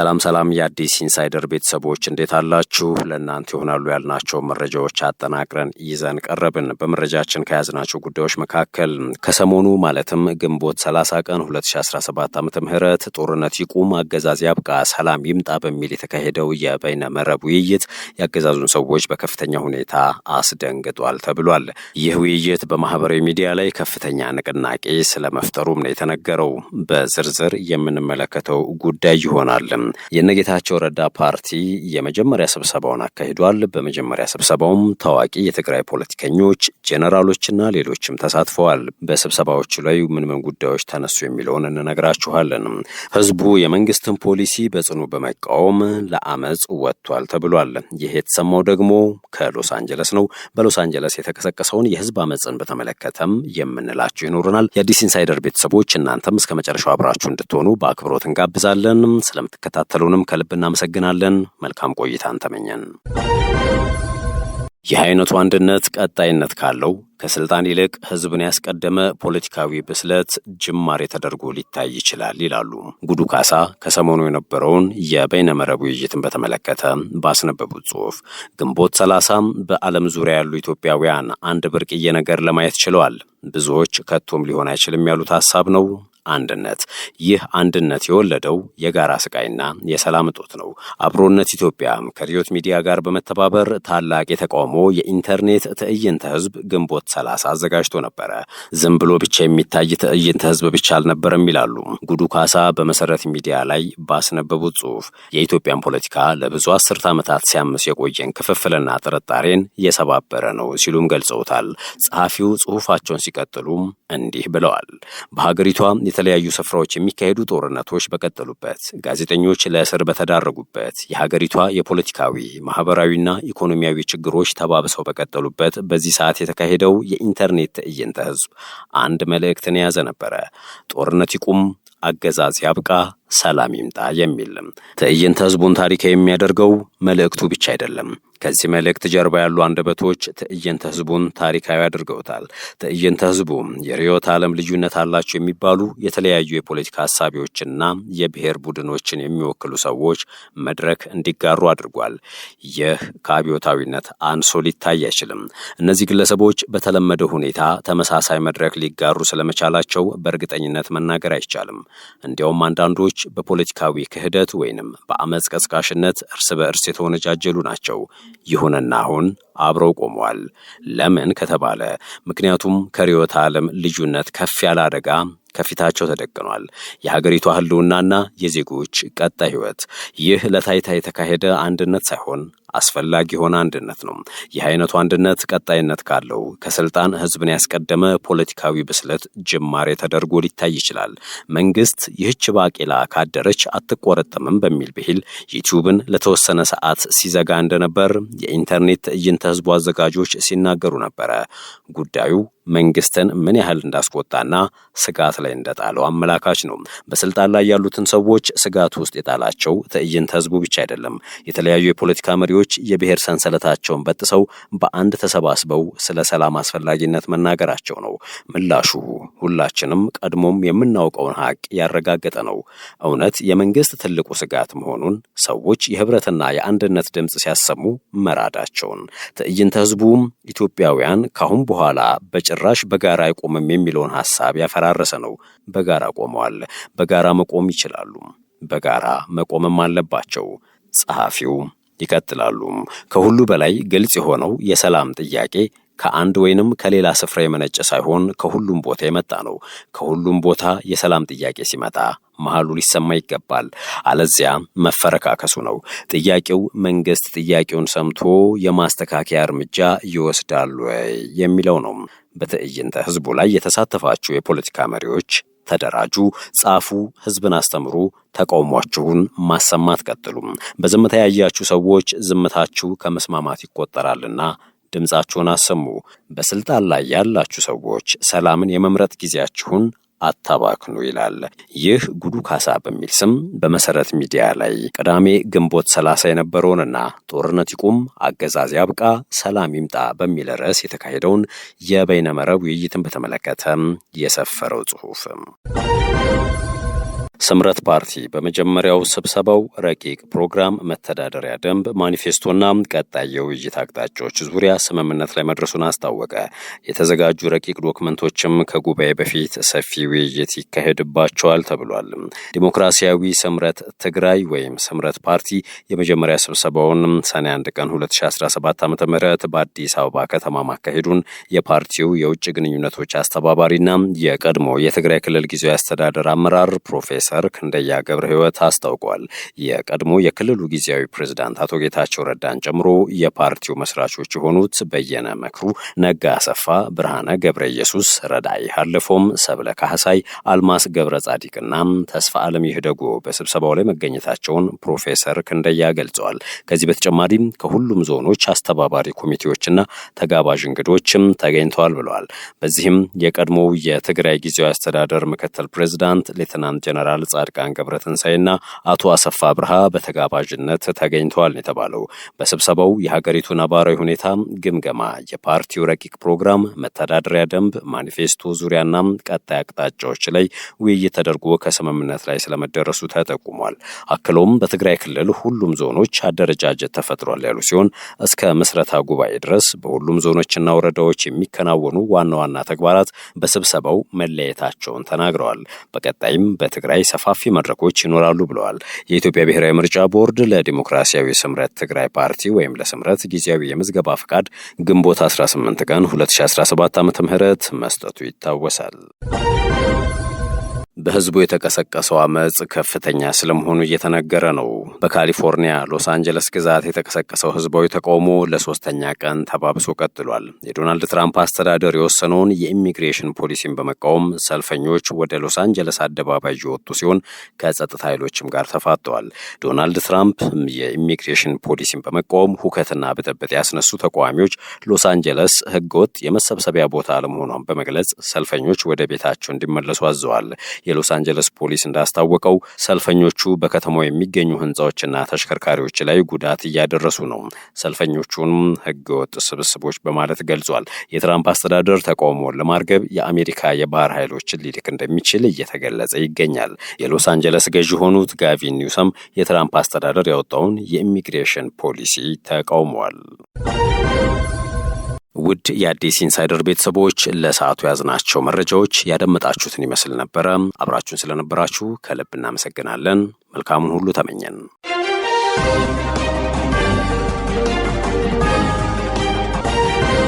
ሰላም ሰላም የአዲስ ኢንሳይደር ቤተሰቦች እንዴት አላችሁ? ለእናንተ ይሆናሉ ያልናቸው መረጃዎች አጠናቅረን ይዘን ቀረብን። በመረጃችን ከያዝናቸው ጉዳዮች መካከል ከሰሞኑ ማለትም ግንቦት 30 ቀን 2017 ዓ ም ጦርነት ይቁም፣ አገዛዝ ያብቃ፣ ሰላም ይምጣ በሚል የተካሄደው የበይነ መረብ ውይይት የአገዛዙን ሰዎች በከፍተኛ ሁኔታ አስደንግጧል ተብሏል። ይህ ውይይት በማህበራዊ ሚዲያ ላይ ከፍተኛ ንቅናቄ ስለመፍጠሩም ነው የተነገረው። በዝርዝር የምንመለከተው ጉዳይ ይሆናል። የነጌታቸው ረዳ ፓርቲ የመጀመሪያ ስብሰባውን አካሂዷል። በመጀመሪያ ስብሰባውም ታዋቂ የትግራይ ፖለቲከኞች፣ ጄኔራሎችና ሌሎችም ተሳትፈዋል። በስብሰባዎቹ ላይ ምን ምን ጉዳዮች ተነሱ የሚለውን እንነግራችኋለን። ህዝቡ የመንግስትን ፖሊሲ በጽኑ በመቃወም ለአመፅ ወጥቷል ተብሏል። ይህ የተሰማው ደግሞ ከሎስ አንጀለስ ነው። በሎስ አንጀለስ የተቀሰቀሰውን የህዝብ አመፅን በተመለከተም የምንላችሁ ይኖሩናል። የአዲስ ኢንሳይደር ቤተሰቦች እናንተም እስከ መጨረሻው አብራችሁ እንድትሆኑ በአክብሮት እንጋብዛለን። ስለምትከታ ስለተከታተሉንም ከልብ እናመሰግናለን። መልካም ቆይታን ተመኘን። ይህ አይነቱ አንድነት ቀጣይነት ካለው ከስልጣን ይልቅ ህዝብን ያስቀደመ ፖለቲካዊ ብስለት ጅማሬ ተደርጎ ሊታይ ይችላል ይላሉ ጉዱ ካሳ ከሰሞኑ የነበረውን የበይነመረብ ውይይትን በተመለከተ ባስነበቡት ጽሑፍ። ግንቦት ሰላሳም በዓለም ዙሪያ ያሉ ኢትዮጵያውያን አንድ ብርቅዬ ነገር ለማየት ችለዋል፣ ብዙዎች ከቶም ሊሆን አይችልም ያሉት ሀሳብ ነው። አንድነት። ይህ አንድነት የወለደው የጋራ ስቃይና የሰላም እጦት ነው። አብሮነት ኢትዮጵያ ከሪዮት ሚዲያ ጋር በመተባበር ታላቅ የተቃውሞ የኢንተርኔት ትዕይንተ ህዝብ ግንቦት ሰላሳ አዘጋጅቶ ነበረ። ዝም ብሎ ብቻ የሚታይ ትዕይንተ ህዝብ ብቻ አልነበረም ይላሉ ጉዱ ካሳ በመሰረት ሚዲያ ላይ ባስነበቡት ጽሁፍ። የኢትዮጵያን ፖለቲካ ለብዙ አስርት ዓመታት ሲያምስ የቆየን ክፍፍልና ጥርጣሬን የሰባበረ ነው ሲሉም ገልጸውታል። ጸሐፊው ጽሁፋቸውን ሲቀጥሉም እንዲህ ብለዋል በሀገሪቷ የተለያዩ ስፍራዎች የሚካሄዱ ጦርነቶች በቀጠሉበት፣ ጋዜጠኞች ለእስር በተዳረጉበት፣ የሀገሪቷ የፖለቲካዊ ማህበራዊና ኢኮኖሚያዊ ችግሮች ተባብሰው በቀጠሉበት በዚህ ሰዓት የተካሄደው የኢንተርኔት ትዕይንተ ህዝብ አንድ መልእክትን የያዘ ነበረ። ጦርነት ይቁም፣ አገዛዝ ያብቃ፣ ሰላም ይምጣ የሚልም። ትዕይንተ ህዝቡን ታሪክ የሚያደርገው መልእክቱ ብቻ አይደለም ከዚህ መልእክት ጀርባ ያሉ አንደበቶች ትዕይንተ ህዝቡን ታሪካዊ አድርገውታል። ትዕይንተ ህዝቡ የርዕዮተ ዓለም ልዩነት አላቸው የሚባሉ የተለያዩ የፖለቲካ ሀሳቢዎችና የብሔር ቡድኖችን የሚወክሉ ሰዎች መድረክ እንዲጋሩ አድርጓል። ይህ ከአብዮታዊነት አንሶ ሊታይ አይችልም። እነዚህ ግለሰቦች በተለመደ ሁኔታ ተመሳሳይ መድረክ ሊጋሩ ስለመቻላቸው በእርግጠኝነት መናገር አይቻልም። እንዲያውም አንዳንዶች በፖለቲካዊ ክህደት ወይንም በአመፅ ቀስቃሽነት እርስ በእርስ የተወነጃጀሉ ናቸው። ይሁንና አሁን አብረው ቆመዋል። ለምን ከተባለ ምክንያቱም ከርዕዮተ ዓለም ልዩነት ከፍ ያለ አደጋ ከፊታቸው ተደቅኗል። የሀገሪቷ ህልውናና የዜጎች ቀጣይ ህይወት። ይህ ለታይታ የተካሄደ አንድነት ሳይሆን አስፈላጊ የሆነ አንድነት ነው። ይህ አይነቱ አንድነት ቀጣይነት ካለው ከስልጣን ህዝብን ያስቀደመ ፖለቲካዊ ብስለት ጅማሬ ተደርጎ ሊታይ ይችላል። መንግስት ይህች ባቄላ ካደረች አትቆረጠምም በሚል ብሂል ዩቲዩብን ለተወሰነ ሰዓት ሲዘጋ እንደነበር የኢንተርኔት ትዕይንተ ህዝቡ አዘጋጆች ሲናገሩ ነበረ። ጉዳዩ መንግስትን ምን ያህል እንዳስቆጣና ስጋት ላይ እንደጣለው አመላካች ነው። በስልጣን ላይ ያሉትን ሰዎች ስጋት ውስጥ የጣላቸው ትዕይንት ህዝቡ ብቻ አይደለም። የተለያዩ የፖለቲካ መሪዎች የብሔር ሰንሰለታቸውን በጥሰው በአንድ ተሰባስበው ስለ ሰላም አስፈላጊነት መናገራቸው ነው። ምላሹ ሁላችንም ቀድሞም የምናውቀውን ሀቅ ያረጋገጠ ነው። እውነት የመንግስት ትልቁ ስጋት መሆኑን ሰዎች የህብረትና የአንድነት ድምፅ ሲያሰሙ መራዳቸውን ትዕይንተ ህዝቡም ኢትዮጵያውያን ካሁን በኋላ በጭራሽ በጋራ አይቆምም የሚለውን ሀሳብ ያፈራረሰ ነው። ተባብረው በጋራ ቆመዋል። በጋራ መቆም ይችላሉ። በጋራ መቆምም አለባቸው። ጸሐፊው ይቀጥላሉ። ከሁሉ በላይ ግልጽ የሆነው የሰላም ጥያቄ ከአንድ ወይንም ከሌላ ስፍራ የመነጨ ሳይሆን ከሁሉም ቦታ የመጣ ነው። ከሁሉም ቦታ የሰላም ጥያቄ ሲመጣ መሃሉ ሊሰማ ይገባል። አለዚያ መፈረካከሱ ነው። ጥያቄው መንግስት ጥያቄውን ሰምቶ የማስተካከያ እርምጃ ይወስዳሉ የሚለው ነው። በትዕይንተ ህዝቡ ላይ የተሳተፋችሁ የፖለቲካ መሪዎች ተደራጁ፣ ጻፉ፣ ህዝብን አስተምሩ፣ ተቃውሟችሁን ማሰማት ቀጥሉም። በዝምታ ያያችሁ ሰዎች ዝምታችሁ ከመስማማት ይቆጠራልና ድምፃችሁን አሰሙ። በስልጣን ላይ ያላችሁ ሰዎች ሰላምን የመምረጥ ጊዜያችሁን አታባክኑ ይላል። ይህ ጉዱ ካሳ በሚል ስም በመሰረት ሚዲያ ላይ ቅዳሜ ግንቦት ሰላሳ የነበረውንና ጦርነት ይቁም፣ አገዛዝ ያብቃ፣ ሰላም ይምጣ በሚል ርዕስ የተካሄደውን የበይነመረብ ውይይትን በተመለከተ የሰፈረው ጽሑፍም ስምረት ፓርቲ በመጀመሪያው ስብሰባው ረቂቅ ፕሮግራም፣ መተዳደሪያ ደንብ፣ ማኒፌስቶና ቀጣይ የውይይት አቅጣጫዎች ዙሪያ ስምምነት ላይ መድረሱን አስታወቀ። የተዘጋጁ ረቂቅ ዶክመንቶችም ከጉባኤ በፊት ሰፊ ውይይት ይካሄድባቸዋል ተብሏል። ዲሞክራሲያዊ ስምረት ትግራይ ወይም ስምረት ፓርቲ የመጀመሪያ ስብሰባውን ሰኔ 1 ቀን 2017 ዓ ም በአዲስ አበባ ከተማ ማካሄዱን የፓርቲው የውጭ ግንኙነቶች አስተባባሪና የቀድሞ የትግራይ ክልል ጊዜያዊ አስተዳደር አመራር ፕሮፌሰር ሰርክ ገብረ ህይወት አስታውቋል። የቀድሞ የክልሉ ጊዜያዊ ፕሬዝዳንት አቶ ጌታቸው ረዳን ጨምሮ የፓርቲው መስራቾች የሆኑት በየነ መክሩ፣ ነጋ አሰፋ፣ ብርሃነ ገብረ ኢየሱስ፣ ረዳይ ሃለፎም፣ ሰብለ ካህሳይ፣ አልማስ ገብረ ጻዲቅና ተስፋ አለም ይህደጎ በስብሰባው ላይ መገኘታቸውን ፕሮፌሰር ክንደያ ገልጸዋል። ከዚህ በተጨማሪም ከሁሉም ዞኖች አስተባባሪ ኮሚቴዎችና ተጋባዥ እንግዶችም ተገኝተዋል ብለዋል። በዚህም የቀድሞው የትግራይ ጊዜያዊ አስተዳደር ምክትል ፕሬዝዳንት ሌትናንት ጀነራል ጀነራል ጻድቃን ገብረትንሳኤና አቶ አሰፋ ብርሃ በተጋባዥነት ተገኝተዋል ነው የተባለው። በስብሰባው የሀገሪቱ ነባራዊ ሁኔታ ግምገማ፣ የፓርቲው ረቂቅ ፕሮግራም፣ መተዳደሪያ ደንብ፣ ማኒፌስቶ ዙሪያና ቀጣይ አቅጣጫዎች ላይ ውይይት ተደርጎ ከስምምነት ላይ ስለመደረሱ ተጠቁሟል። አክሎም በትግራይ ክልል ሁሉም ዞኖች አደረጃጀት ተፈጥሯል ያሉ ሲሆን እስከ ምስረታ ጉባኤ ድረስ በሁሉም ዞኖችና ወረዳዎች የሚከናወኑ ዋና ዋና ተግባራት በስብሰባው መለየታቸውን ተናግረዋል። በቀጣይም በትግራይ ላይ ሰፋፊ መድረኮች ይኖራሉ ብለዋል። የኢትዮጵያ ብሔራዊ ምርጫ ቦርድ ለዲሞክራሲያዊ ስምረት ትግራይ ፓርቲ ወይም ለስምረት ጊዜያዊ የምዝገባ ፍቃድ ግንቦት 18 ቀን 2017 ዓ ም መስጠቱ ይታወሳል። በህዝቡ የተቀሰቀሰው አመፅ ከፍተኛ ስለመሆኑ እየተነገረ ነው። በካሊፎርኒያ ሎስ አንጀለስ ግዛት የተቀሰቀሰው ህዝባዊ ተቃውሞ ለሶስተኛ ቀን ተባብሶ ቀጥሏል። የዶናልድ ትራምፕ አስተዳደር የወሰነውን የኢሚግሬሽን ፖሊሲን በመቃወም ሰልፈኞች ወደ ሎስ አንጀለስ አደባባይ የወጡ ሲሆን ከጸጥታ ኃይሎችም ጋር ተፋጠዋል። ዶናልድ ትራምፕ የኢሚግሬሽን ፖሊሲን በመቃወም ሁከትና ብጥብጥ ያስነሱ ተቃዋሚዎች ሎስ አንጀለስ ህገወጥ የመሰብሰቢያ ቦታ አለመሆኗን በመግለጽ ሰልፈኞች ወደ ቤታቸው እንዲመለሱ አዘዋል። የሎስ አንጀለስ ፖሊስ እንዳስታወቀው ሰልፈኞቹ በከተማው የሚገኙ ህንፃዎችና ተሽከርካሪዎች ላይ ጉዳት እያደረሱ ነው። ሰልፈኞቹንም ህገወጥ ስብስቦች በማለት ገልጿል። የትራምፕ አስተዳደር ተቃውሞውን ለማርገብ የአሜሪካ የባህር ኃይሎችን ሊልክ እንደሚችል እየተገለጸ ይገኛል። የሎስ አንጀለስ ገዢ የሆኑት ጋቪን ኒውሰም የትራምፕ አስተዳደር ያወጣውን የኢሚግሬሽን ፖሊሲ ተቃውመዋል። ውድ የአዲስ ኢንሳይደር ቤተሰቦች ለሰዓቱ ያዝናቸው መረጃዎች ያደመጣችሁትን ይመስል ነበረ። አብራችሁን ስለነበራችሁ ከልብ እናመሰግናለን። መልካሙን ሁሉ ተመኘን።